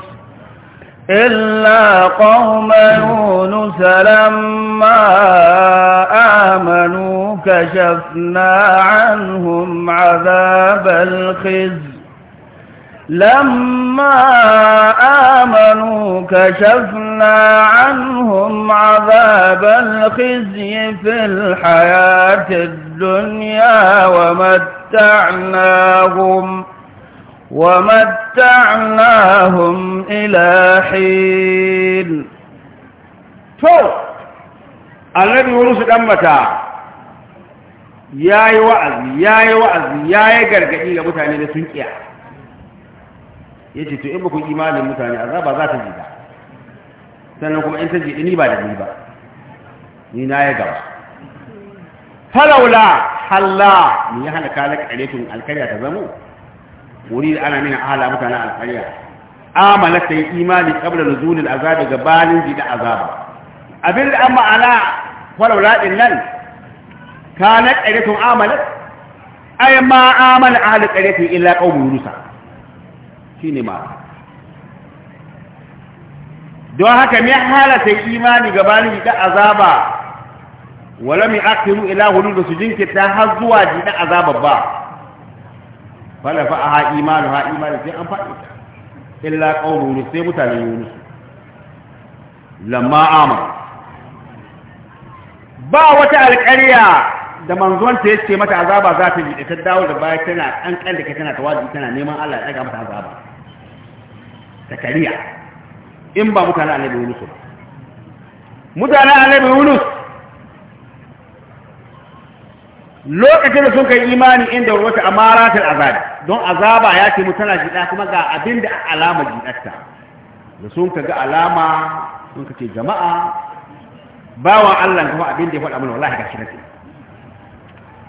A: إلا قوم يونس لما آمنوا كشفنا عنهم عذاب الخزي لما آمنوا كشفنا عنهم عذاب الخزي في الحياة الدنيا ومتعناهم ومتعناهم إلى حين فوق الذي ورسل أمتا ya yi wa'azi
B: ya yi wa'azi ya yi gargaɗi ga mutane da sun ƙiya ya ce to in bakun imanin mutane zaba za ta ji ba. sannan kuma in ta ji ni ba da ni ba ni na ya gaba falaula halla ni ya hana kala ƙaretun alkarya ta zamo wuri da ana nuna ahala mutanen alkarya amala ta yi imani kabla zunin azabi gabanin jida azaba abin da an ma'ana falaula din nan kanat qaryatun amalat ay ma amala ahli qaryatin illa qawmu yunus shine ma don haka me halata imani gabanin da azaba wala mi akiru ila hudu da su jinkirta har zuwa ji da azaba ba fala fa aha imanu ha imani sai an faɗi illa qawlu sai mutanen yunus lamma amal ba wata alƙarya da manzon ta yake mata azaba za ta ji ta dawo da baya tana an kan da tana tawazi tana neman Allah ya daga mata azaba ta kariya in ba mutane annabi Yunus ba mutane annabi Yunus lokacin da sun kai imani inda wata amaratul azabi don azaba ya ce mutana jida kuma ga abinda alama jidatta da sun ka ga alama sun ce jama'a bawan Allah kuma abinda ya faɗa mana wallahi gashi nake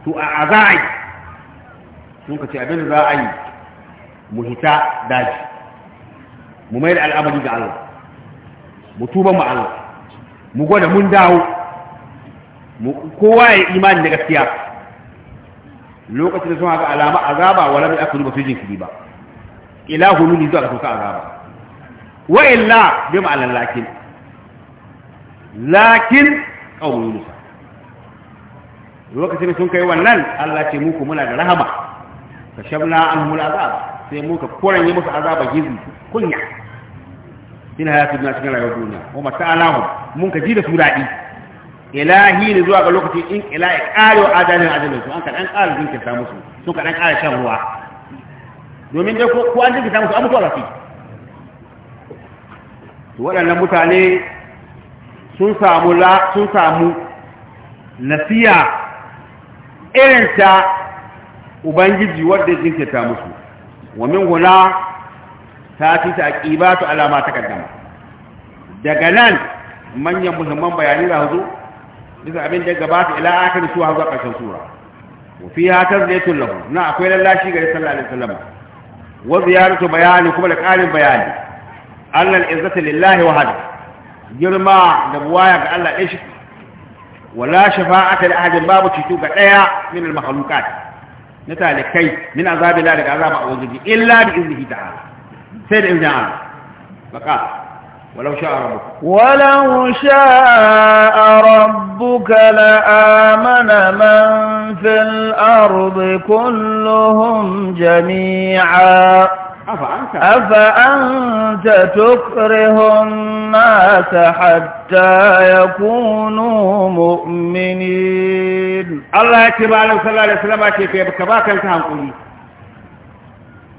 B: to a za a yi sun ka ce abin da za a yi mu hita daji mu mai da al'amari ga Allah mu tuba mu Allah mu gwada mun dawo kowa ya imani da gaskiya lokacin da sun haka alama azaba wala bai aka zuba su jinkiri ba ila hululi zuwa ga kuka azaba wa illa bi ma'alan lakin lakin qawlu musa lokacin sun kai wannan Allah ce muku muna da rahama ka shabna an mula azab sai muka yi musu azaba gizi kunya ina ya tuna cikin rayuwar duniya wa alahu mun ka ji da su dadi ilahi ne zuwa ga lokacin in ila ya kare wa adalin adalin su an ka dan kare jinkirta musu sun ka dan ƙara shan ruwa domin dai ko an jinkirta musu abubuwa za su yi waɗannan mutane sun samu la sun samu nasiya irin ubangiji wadda jinkirta musu wa min huna ta ci ta aqibatu alama ta kaddama daga nan manyan muhimman bayanai za hazo, bisa abin da gabata ila su suwa a ƙarshen sura hatar da ya lahu na akwai lallashi ga sallallahu alaihi wasallam wa ziyaratu bayani kuma da ƙarin bayani Allah izzatu lillahi wahada girma da buwaya ga Allah ɗaya shi ولا شفاعة لأحد باب تشتوك ليا من المخلوقات نتالي كي من عذاب الله لك عذاب أعوذك إلا بإذنه تعالى سيد
A: إذن الله فقال ولو شاء ربك ولو شاء ربك لآمن من في الأرض كلهم جميعا أفأنت تكره الناس حتى يكونوا مؤمنين الله يكتب على صلى الله عليه وسلم
B: كيف كباك أنت هنقولي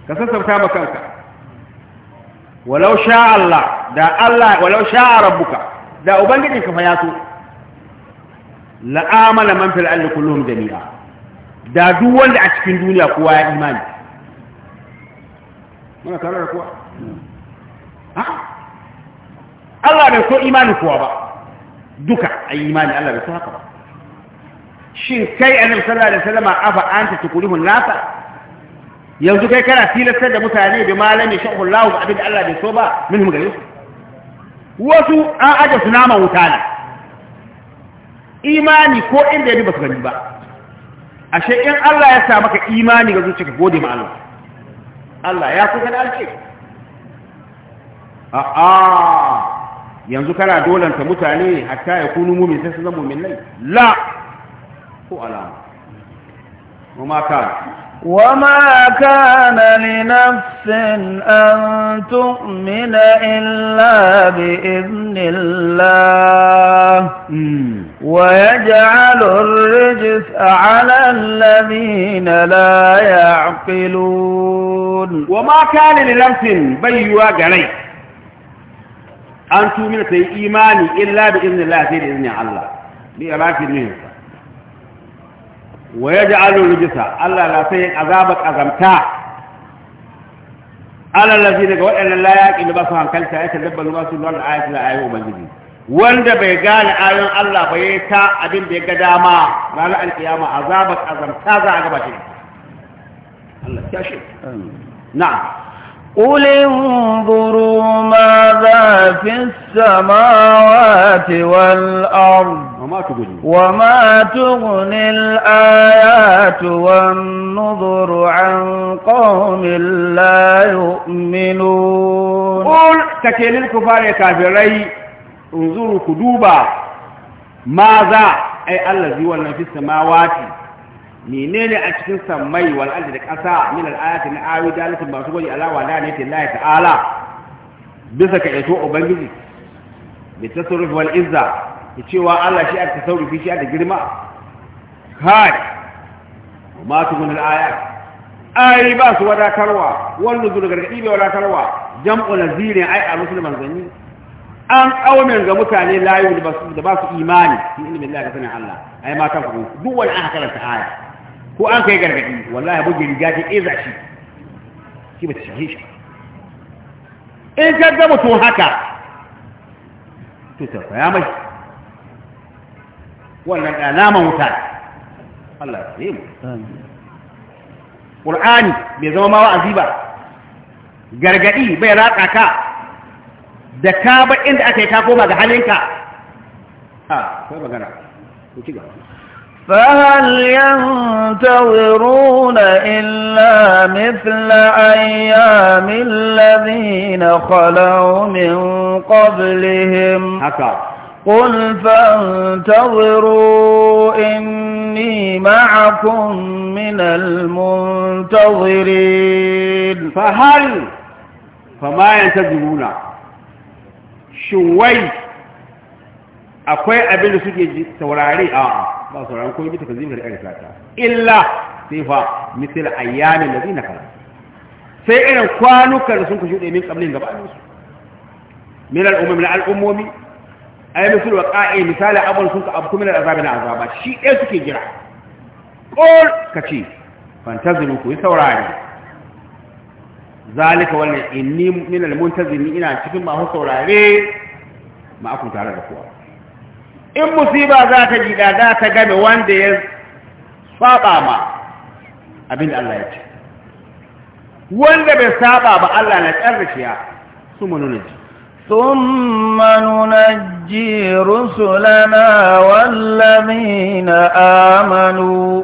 B: كسسب كابك أنت ولو شاء الله دا الله ولو شاء ربك دا أبنجد كفياته لآمن من في الأرض كلهم جميعا da duk wanda a cikin duniya kowa ya imani muna tare da kuwa Allah bai so imanin kuwa ba duka a imani Allah bai so haka ba shin kai annabi sallallahu alaihi wasallam afa anta tukulihun nasa yanzu kai kana tilastar da mutane bi malami sha'ul lahu abin da Allah bai so ba minhum gare su wasu an aje su nama wuta ne imani ko inda ya bi ba su gani ba ashe in Allah ya sa maka imani ga zuciyarka gode ma Allah Allah ya kusa da alce a a yanzu kana dolanta mutane hatta ya
A: kunu mumin sai su zama mumin la ko alama kuma ka وما كان لنفس أن تؤمن إلا بإذن الله ويجعل الرجس على الذين لا يعقلون وما كان لنفس
B: بيوا قلي أن تؤمن في إيماني إلا بإذن الله في إذن الله بإذن منه wa ya ji alun rijisa Allah na sai azaba ƙazamta ala lafi daga waɗannan layaƙi da ba su hankalta ya talabbalu ba su lura ayat da ayoyin ubangiji wanda bai gane ayon Allah ba ya ta abin da ya ga dama ranar alƙiyama azaba ƙazamta za a gaba
A: shi Allah ya shi na'am قل انظروا ماذا في السماوات والأرض وما تغني وما تغني الآيات والنظر عن قوم لا يؤمنون قل تكيل الكفار كافري انظروا كدوبا
B: ماذا أي الذي ولن في السماوات menene a cikin sammai wal ardi da ƙasa min al ayati na awi dalikin masu gwaji alawa da ne tillahi ta'ala bisa ka ito ubangiji bi tasarruf wal izza da cewa Allah shi aka tasarrufi shi aka girma kai ma su gunar aya ai ba su wadatarwa wannan zuwa gargadi bai wadatarwa jam'u zirin ai a musulman zanni an kaumen ga mutane layu da ba su imani su ilmin Allah da sanin Allah ai ma ta ku duk wani aka karanta aya ko an kai gargadi wallahi bugi riga ta iza shi shi ba ta shi in ka ga mutum haka to ta faya mai wannan alaman wuta Allah ya tsare mu Qur'ani bai zama ma wa'azi ba Gargaɗi bai ratsa ka da ka ba inda aka yi ta koma ga halinka
A: ha kai magana ku ci gaba فهل ينتظرون إلا مثل أيام الذين خلوا من قبلهم قل فانتظروا إني معكم من المنتظرين فهل
B: فما ينتظرون شوي أقوي أبن سجي سوراري آه ما سوران كوي بيت كذيم غير إلا سيفا مثل أيام الذين قالوا سيئن قانو كرسون كجود أمين قبلين قبل من الأمم لا الأمومي ai misul wa qa'i misala abun sun ka abku min al'azabi na azaba shi ɗaya suke jira qul kace fantaziru ku saurari zalika wannan inni min al-muntazimi ina cikin ma saurare ma akun tare da kowa in musiba za ta ji da za ta game wanda ya saba ma abin da Allah ya ce wanda bai saba ba Allah na ƙarfi ya
A: su ji. ثم ننجي رسلنا والذين آمنوا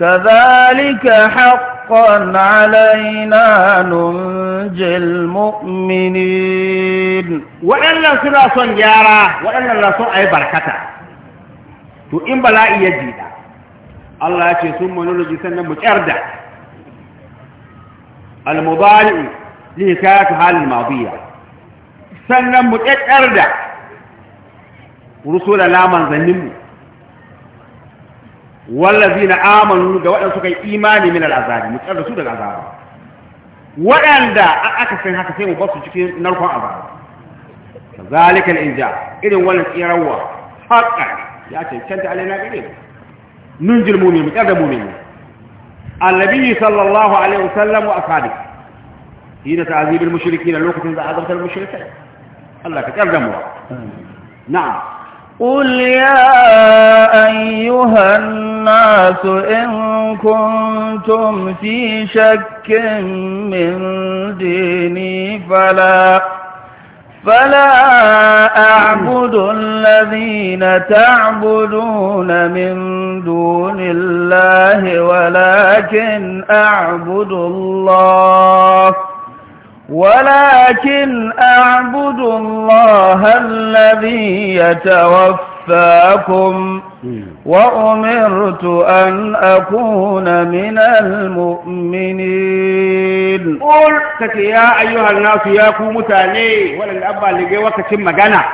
A: كذلك حقا علينا ننجي المؤمنين وإن لسلاس جارا وإن لسلاس أي بركة
B: تؤمن بلا يجينا الله يأتي ثم ننجي سنة متأردة المضارئ لحكاية الماضية sannan mu ƙaƙƙar da rusula la manzanninmu wallazi na amanu ga waɗanda suka yi imani min al'azabi mu da su daga azara, waɗanda aka san haka sai mu ba su cikin narkon azara. zalika al-inja irin wannan tsirarwa haƙa ya ce canta alaina gare mu nunjil mu'min mu kada mu'min annabi sallallahu alaihi wasallam wa ashabi hina ta'zib al-mushrikeen
A: lokacin da azabtar al-mushrikeen الله كتقدموا نعم قل يا أيها الناس إن كنتم في شك من ديني فلا فلا أعبد الذين تعبدون من دون الله ولكن أعبد الله ولكن أعبد الله الذي يتوفاكم وأمرت أن أكون من المؤمنين قل يا أيها الناس يا
B: كومتاني ولن أبا لقي وقت مغانا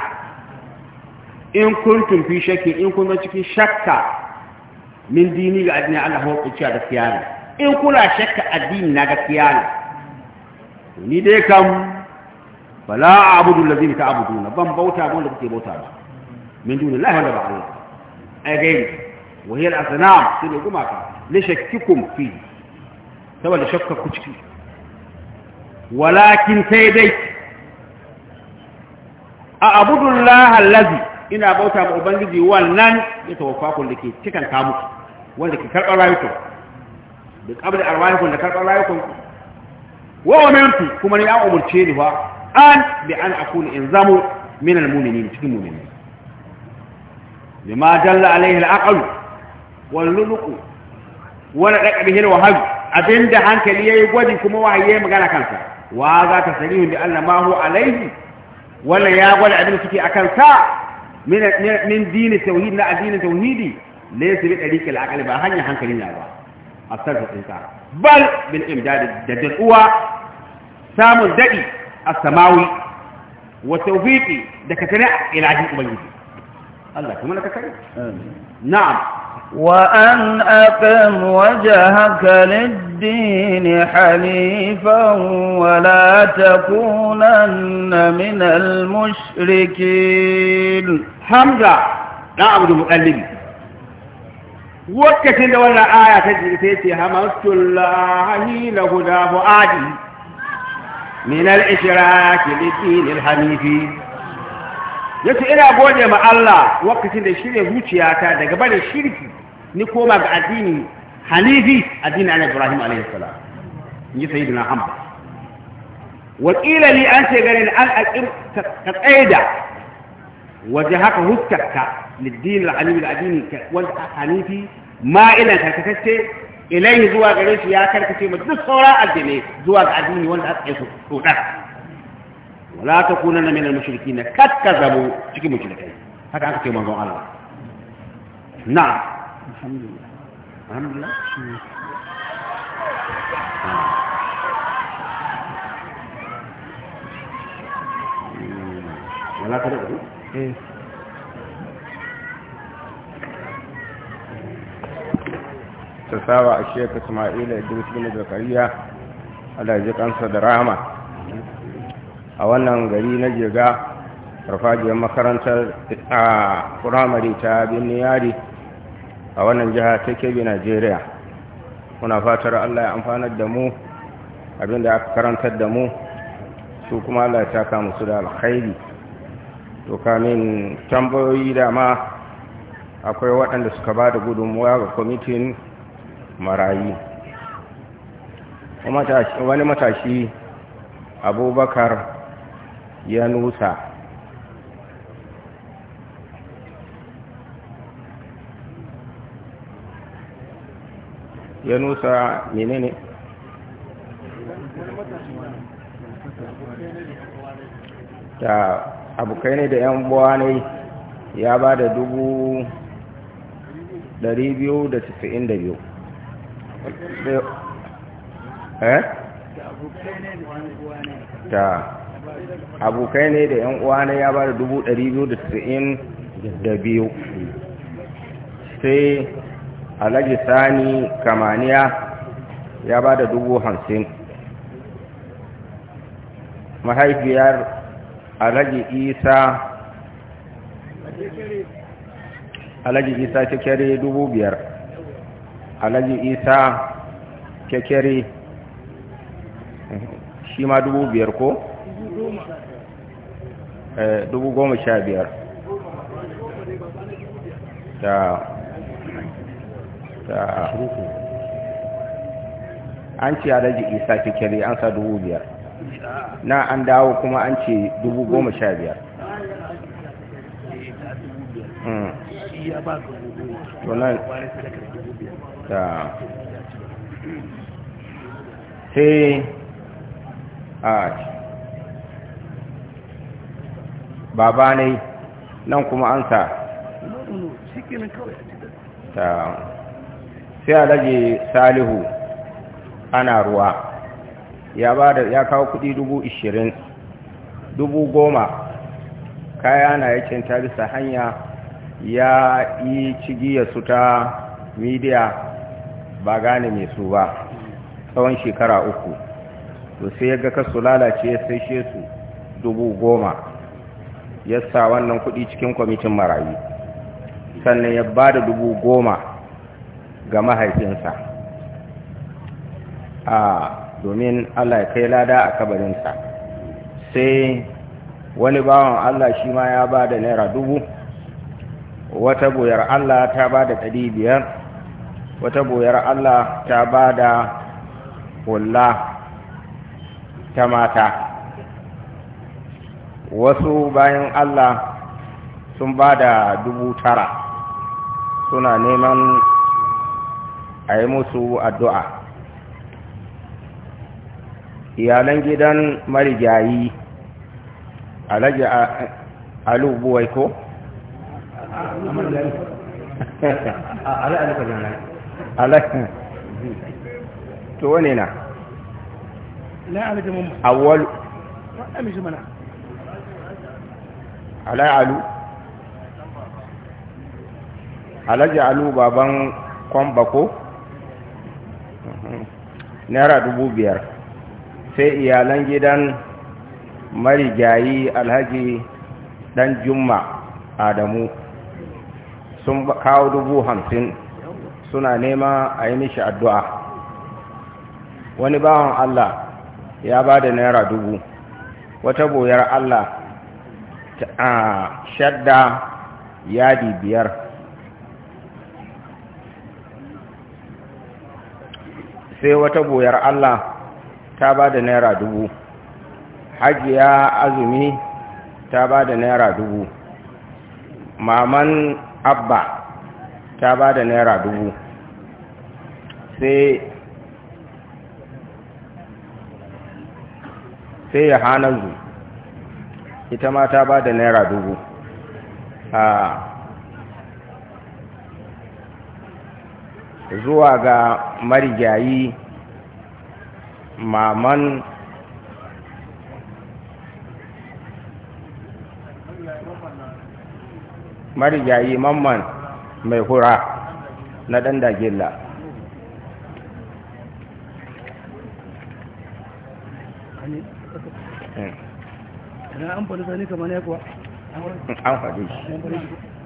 B: إن كنتم في شك إن كنتم في شك من ديني لأدني على هو إشارة كيانا إن كنا شك الدين نغا كيانا ni dai kam fala a'budu allazi ta'buduna ban bauta ba wanda kuke bauta ba min duni lahi wanda ba Allah ai gairi wa hiya al-asnam sune gumaka li shakkikum fi saboda shakka ku ciki walakin sai dai a'budu allaha allazi ina bauta ba ubangiji wannan ya tawaffaku da ke cikan kamu wanda ke karɓar rayukan da kabri arwahikum da karɓar rayukan wa umirtu kuma ni an umurce ni fa الآن بأن أكون إنزم من المؤمنين في المؤمنين لما دل عليه العقل واللنق ولدك به الوهج أبند عنك ليه يقودي كما وهي مغانا كانسا وهذا تسليه بأن ما هو عليه ولا يا ولا أبن سكي أكانسا من من دين التوحيد لا دين التوحيدي ليس بالطريق العقل بهاني عنك لنا أستغفر الإنسان بل بالإمداد الدجل هو samun daɗi السماوي وتوفيقي دكتنا إلهي أبيض الله
A: كمان كتير نعم وأن أقم وجهك للدين حنيفا ولا تكونن من المشركين حمزة نعبد مؤلم وكتن ولا آية تجري فيها
B: مست الله لهذا فؤادي min al-ishraki lid-din al yace ina gode ma Allah lokacin da shirye zuciyata daga barin shirki ni koma ga addini hanifi addini annabi Ibrahim alaihi salam ni sayyidina Hamza wa qila li an ce garin an aqim ka tsaida waje haka huskarka lid-din al-hanifi addini wanda hanifi ma ila karkatacce ilaihi zuwa gare shi ya karkace mu duk saura addini zuwa ga addini wanda aka yi su to da wala ta kuna takunanna minal mushrikin katkazabu cikin mushrikai haka aka ce manzon Allah
C: na'am alhamdulillah alhamdulillah
B: hmm. wala kada eh assasawa a shekar ismaila idris bin zakariya alajikansa da rama a wannan gari na jega farfajiyar makarantar a firamare ta yari a wannan jiha ta kebe najeriya kuna fatar allah ya amfanar da mu abinda aka karantar da mu su kuma allah ya taka musu da alkhairi to kamin tambayoyi dama akwai waɗanda suka ba da gudunmuwa ga kwamitin marayi wani matashi abubakar ya nusa ya nusa ne ta abokai ne da yan buwa ne ya ba da dubu biyu.
C: eh ta eh? abokai
B: ne da yan uwa ne ya ba da dubu dari biyu da tasirin da biyu sai alhaji sani kamaniya ya ba da dubu hamsin mahaifiyar alhaji isa alhaji isa cikere dubu biyar alhaji isa kekere shi ma dubu biyar ko? Eh, dubu goma sha biyar ta ta an ce alhaji isa kekere an sa dubu biyar na an dawo kuma an ce dubu goma sha biyar
C: ya ba ka ta
B: sai a baba ne nan kuma an sa ta sai alaji salihu ana ruwa ya ba da ya kawo kudi dubu ishirin dubu goma kaya na yakin ta bisa hanya ya yi cigiyarsu ta midiya ba gane mai su ba tsawon shekara uku to sai ya ga kasu lalace ya sai su dubu goma ya sa wannan kudi cikin kwamitin marayu sannan ya ba da dubu goma ga mahaifinsa a domin allah ya kai lada a kabarinsa sai wani bawan allah shi ma ya ba da naira dubu wata boyar Allah ta ba da ɗari biyar wata boyar Allah ta ba da hula ta mata wasu bayan Allah sun ba da dubu tara suna neman a yi musu addu'a iyalan gidan marigayi lagi alubuwai ko [LAUGHS] Ah, ala na alu baban kwamba ko naira dubu biyar sai iyalan gidan marigayi alhaji dan juma adamu sun kawo dubu hamsin suna nema a yi mishi addu'a wani bawan Allah ya ba da naira dubu wata boyar Allah a shadda yadi biyar sai wata boyar Allah ta ba da naira dubu hajiya azumi ta ba da naira dubu maman abba ta ba da naira dubu sai sai ya ita ma ta ba da naira dubu a zuwa ga marigayi maman marigayi mamman mai hura na ɗan dagilla
C: hmm.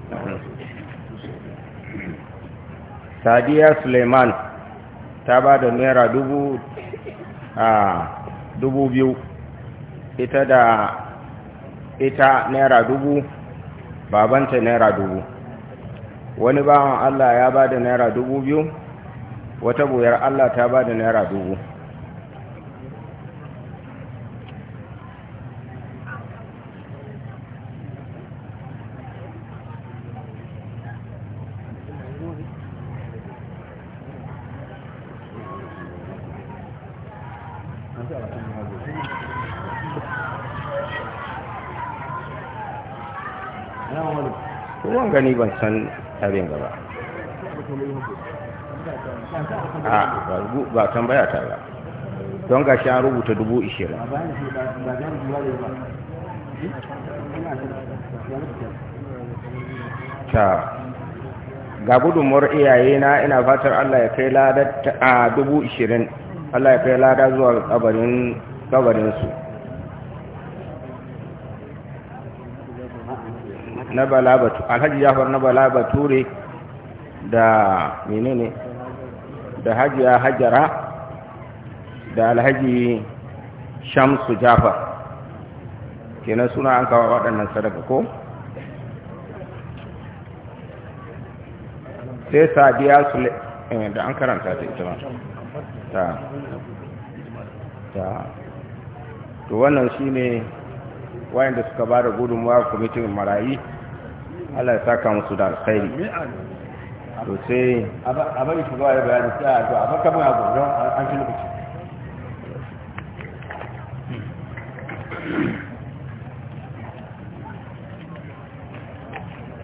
C: hmm.
B: sadiya suleiman ta ba da naira dubu dubu biyu ita da ita naira dubu babanta naira dubu wani bawan Allah ya ba da naira dubu biyu wata buyar Allah ta ba da naira dubu gani ban san abin gaba
C: a ba tambaya ta
B: ba don ga shi an rubuta dubu ishirin ta ga gudunmuwar iyaye na ina fatar Allah ya kai lada a dubu ishirin Allah ya kai lada zuwa kabarin
C: su na
B: alhaji jafar na Bala bature da menene da haji ya hajara da alhaji shamsu jafar kenan suna an kawo waɗannan sadaka ko
C: sai sadiya su
B: eh, da an karanta ta ita ta ta to wannan shi ne wayanda suka ba da gudunmuwa kwamitin marayi Allah ya saka musu da alkhairi to sai a bari shugaba ya bayani sai a zo a baka mun a gurgurun
C: an shi lokaci